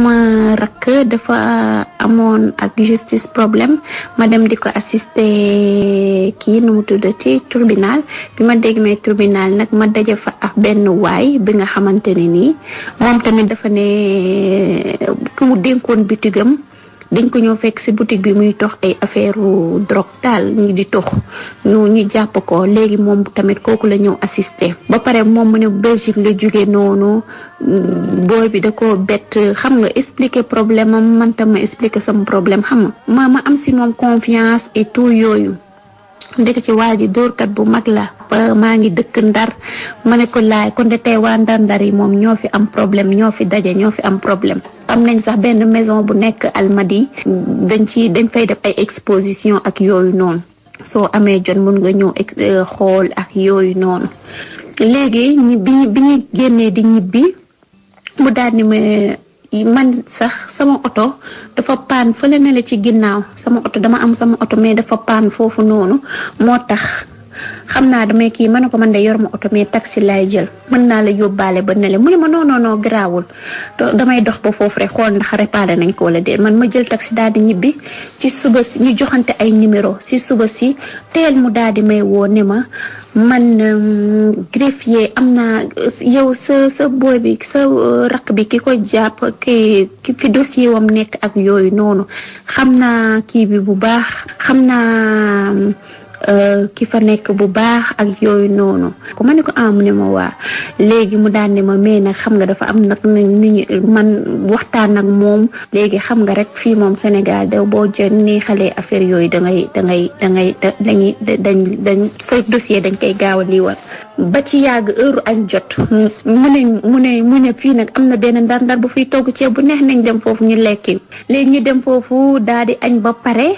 ma rakk dafa amoon ak justice problème ma dem di ko assister kii nu mu tudd ci tribunal bi ma dégg may nag ma daje fa ak benn waay bi nga xamante ne nii moom tamit dafa ne ku mu dénkoon bitigam dañ ko ñoo fekk si boutique bi muy toox ay affaire drogue daal ñu di tox ñu ñu jàpp ko léegi moom tamit kooku la ñëw assister ba pare moom mu ne Belgique la jóge noonu booy bi da ko bett xam nga expliquer problème am man ma expliquer sama problème xam nga ma ma am si moom confiance et tout yooyu ndek ci waa ji dóorkat bu mag la maa ngi dëkk ndar ma ne ko laay kon de tey waa ndar ndar yi moom ñoo fi am problème ñoo fi daje ñoo fi am problème am nañ sax benn maison bu nekk Almadi dañ ci dañ fay def ay exposition ak yooyu noonu soo amee jon mun nga ñëw euh, xool ak yooyu noonu léegi bi bi génnee di ñibbi mu daal man sax sama oto dafa paan fële ne la ci ginnaaw sama oto dama am sama oto mais dafa paan foofu noonu moo tax xam naa damay kii ma ne ko man de yor ma oto mais taxi laay jël mën naa la yóbbaale ba ne la mu ne ma non non damay dox ba foofu rek xool ndax réparé nañ ko wala de man ma jël taxi daal di ñibbi ci suba si ñu joxante ay numéro si suba si teel mu daal di may woo ne ma man euh, greffier am naa yow sa sa booy bi sa euh, rakk bi ki ko jàpp ki fi dossier wam nekk ak yooyu noonu xam naa kii bi bu baax xam naa. Euh, ki fa nekk bu baax ak yooyu noonu ko ma ne ko ah mu ne ma waa léegi mu daan ne ma mais nag xam nga dafa am nag ni ñu man waxtaan ak moom léegi xam nga rek fii moom Sénégal da boo jë neexalee affaire yooyu da ngay da ngay da ngay dañuy dañ dañ say dossier dañ koy gaaw a liiwal ba ci yàgg heure añ jot mu ne mu ne mu ne fii nag am na benn ndar-ndar bu fiy togg ceeb bu neex nañ dem foofu ñu lekki léegi ñu dem foofu daal di añ ba pare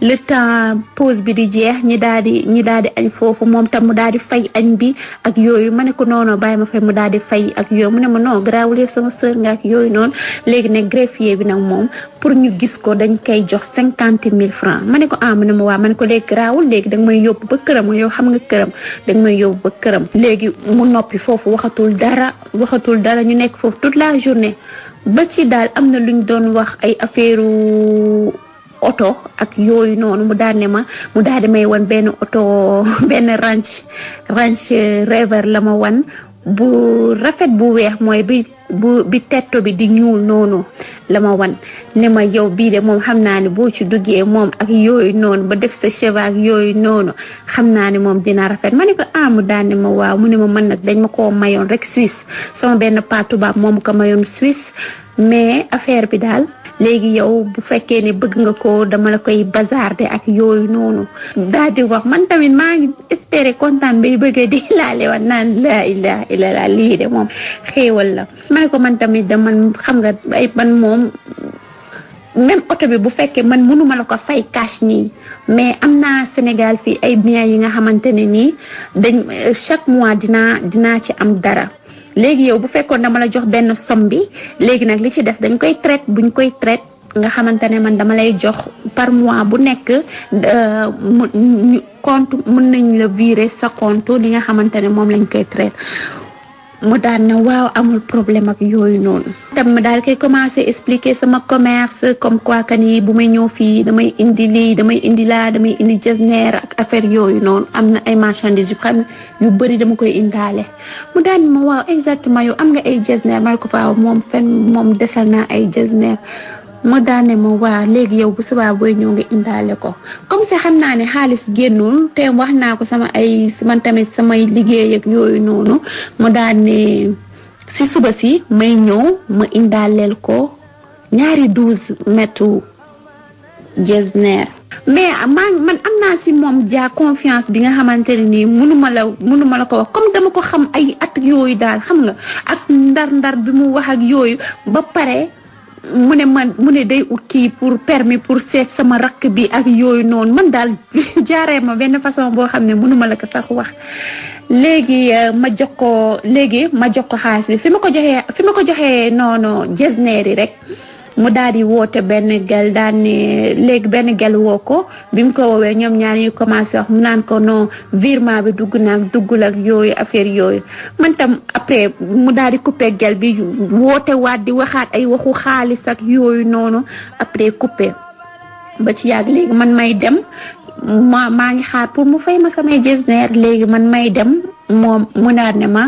le temps pause bi di jeex ñi daal di ñi daal di añ foofu moom tam mu daal di fay añ bi ak yooyu ma ne ko noonu bàyyi ma fay mu daal di fay ak yooyu mu ne ma non garaawul yëpp sama sœur nga yooyu noonu léegi nag greffier bi nag moom pour ñu gis ko dañ koy jox cinquante mille francs ma ne ko ah mu ne ma waa ma ko léegi garaawul léegi dang may yóbbu ba këram yow xam nga këram danga may yóbbu ba këram léegi mu noppi foofu waxatul dara waxatul dara ñu nekk foofu toute la journée ba ci daal am na luñ doon wax ay affaire oto ak yooyu noonu mu daal ma mu daal di may wan benn oto benn ranch ranch river la ma wan bu rafet bu weex mooy bi bu bi bi di ñuul noonu la ma wan ne ma yow bii de moom xam naa ne boo ci duggee moom ak yooyu noonu ba def sa cheveux ak yooyu noonu xam naa ne moom dina rafet ma ne ko ah mu ma waaw mu ne ma mën nag dañ ma koo mayoon rek Suisse sama benn paa tubaab moom ko mayoon Suisse mais affaire bi daal. léegi yow bu fekkee ne bëgg nga ko dama la koy bazarde ak yooyu noonu daal di wax man tamit maa ngi espérer kontaan bay bëgg di laale wat naan laa ilaha illallah lii de moom xéewal la ma ko man tamit da man xam nga ay man moom même oto bi bu fekkee man mënuma la ko fay cash nii mais am na Sénégal fii ay biens yi nga xamante ne nii dañ euh, chaque mois dinaa dinaa ci am dara léegi yow bu fekkoon dama la jox benn somme bi léegi nag li ci des dañ koy traite buñ koy traite nga xamante ne man dama lay jox par mois bu nekk euh, mu compte mun nañ la virer sa compte li nga xamante ne moom lañ koy traite mu daan na waaw amul problème ak yooyu noonu tam ma daal koy commencé expliquer sama commerce comme quoi que ni bu may ñëw fii damay indi lii damay indi laa damay indi jasneer ak affaire yooyu noonu am na ay marchandises yu xam yu bëri dama koy indaale mu daan ma waaw exactement yow am nga ay jasneer ma ko faaw moom fen moom desal naa ay jasneer ma daane ma waa léegi yow bu subaa booy ñëw nga indaale ko comme si xam naa ne xaalis génnu te wax naa ko sama ay man tamit samay liggéey ak yooyu noonu ma daane si suba si may ñëw ma indaaleel ko ñaari douze mètres jesner mais maa man am naa si moom jaa confiance bi nga xamante ne nii mënuma la mënuma la ko wax comme dama ko xam ay at yooyu daal xam nga ak ndar-ndar bi mu wax ak yooyu ba pare. mu ne man mu ne day ut kii pour permis pour seet sama rakk bi ak yooyu noonu man daal jaaree ma benn façon boo xam ne mënuma la ko sax wax léegi euh, ma jox ko léegi ma jox ko xaalis bi fi ma ko joxee fi ma ko joxe noonu jesneer yi rek mu daal di woote benn gel daal léegi benn gel woo ko bi mu ko woowee ñoom ñaar ñuy commencé wax mu naan ko non virement bi dugg naag duggul ak yooyu affaire yooyu man après mu daal di coupé gel bi woote waat di waxaat ay waxu xaalis ak yooyu noonu après coupé ba ci yàgg léegi man may dem ma maa ngi xaar pour mu fay ma samay gestionnaire léegi man may dem moom mu naan ne ma.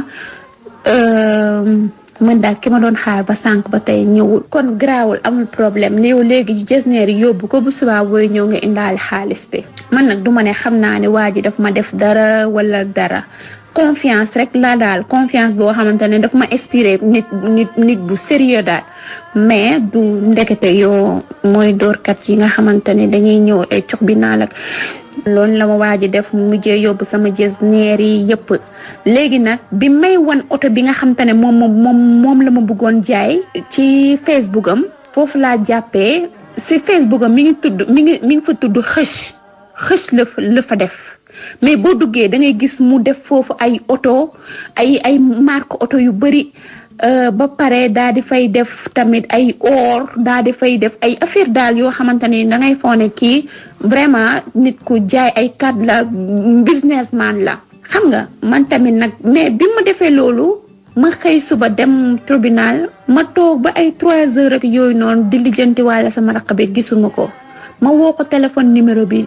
Euh, man daal ki ma doon xaar ba sànq ba tey ñëwul kon garaawul am problème néew léegi jesneer yóbbu ko bu subaa booy ñëw nga indaale xaalis bi man nag du ma ne xam naa ne waa ji daf ma def dara wala dara confiance rek laa daal confiance boo xamante ne daf ma inspiré nit nit nit bu sérieux daal mais du ndekete yoo mooy doorkat yi nga xamante ne dañuy ñëw ay cox bi loolu la ma waaj a def mu mujjee yóbbu sama jës neer yi yëpp léegi nag bi may wan oto bi nga xam ne moom moom moom la ma bëggoon jaay ci Facebook am foofu laa jàppee si Facebook am mi ngi tudd mi ngi mi ngi fa tudd xëcc xëcc la fa fa def mais boo duggee da gis mu def foofu ay oto ay ay marque oto yu bëri. Euh, ba pare daa di fay def tamit ay or daa di fay def ay affaire daal yoo xamante ne da ngay foog kii vraiment nit ku jaay ay carte la businessman la. xam nga man tamit nag mais bi ma defee loolu ma xëy suba dem tribunal ma toog ba ay trois heures ak yooyu noonu di lijjanti sama raq bi gisuma ko ma woo ko téléphone numéro bi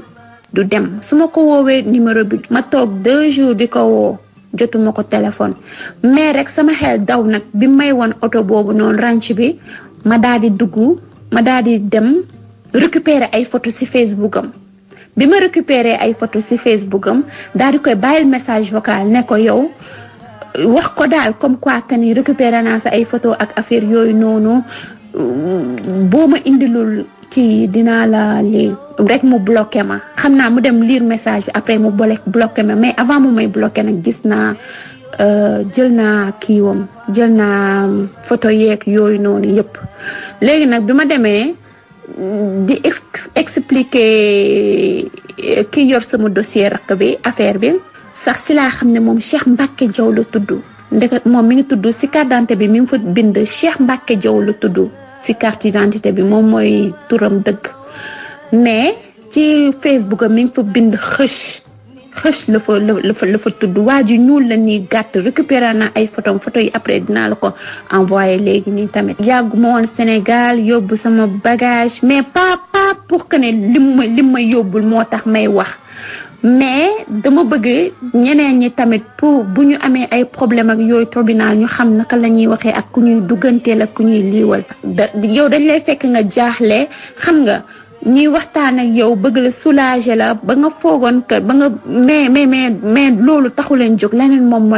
du dem su ma ko woowee numéro bi ma toog deux jours di ko woo. jotuma ko téléphone mais rek sama xel daw nag bi may woon oto boobu noonu ranch bi ma daal di ma daal dem récupérer ay photo ci Facebook am bi ma récupérer ay photo ci Facebook am daal di koy bàyyil message vocal ne ko yow wax ko daal comme quoi que ni récupérer naa sa ay photo ak affaire yooyu noonu boo ma indilul kii dinaa la lii rek mu bloqué ma xam naa mu dem liir message bi après mu bole bloqué ma mais avant mu may bloqué nag gis naa euh, jël naa kiiwam jël naa photo yeeg yooyu noonu yëpp léegi nag bi ma demee mm, di expliquer euh, ki yor sama dossier rakk bi affaire bi sax si laa xam ne moom Cheikh Mbacke Diaw lu tudd ndeket moom mi ngi tudd si carte bi mi ngi bind Cheikh Mbacke jaw la tudd ci carte d'identité bi moom mooy turam dëgg mais ci Facebook am mi ngi fa bind xëch xëch la fa la fa la fa tudd waa ji ñuul la nii gàtt récupéré naa ay photo photo yi après dinaa la ko envoyé léegi nii tamit. yàggu ma woon Sénégal yóbbu sama bagage mais pas pas pour que ne lim ma lim ma yóbbul moo tax may wax. mais dama bëgg ñeneen ñi tamit pour bu ñu amee ay problème ak yooyu tribunal ñu xam naka la ñuy waxee ak ku ñuy dugganteel ak ku ñuy liiwal. da yow dañ lay fekk nga jaaxle xam nga ñuy waxtaan ak yow bëgg la soulager la ba nga foogoon kër ba nga mais mais mais mais loolu taxu leen jóg leneen moom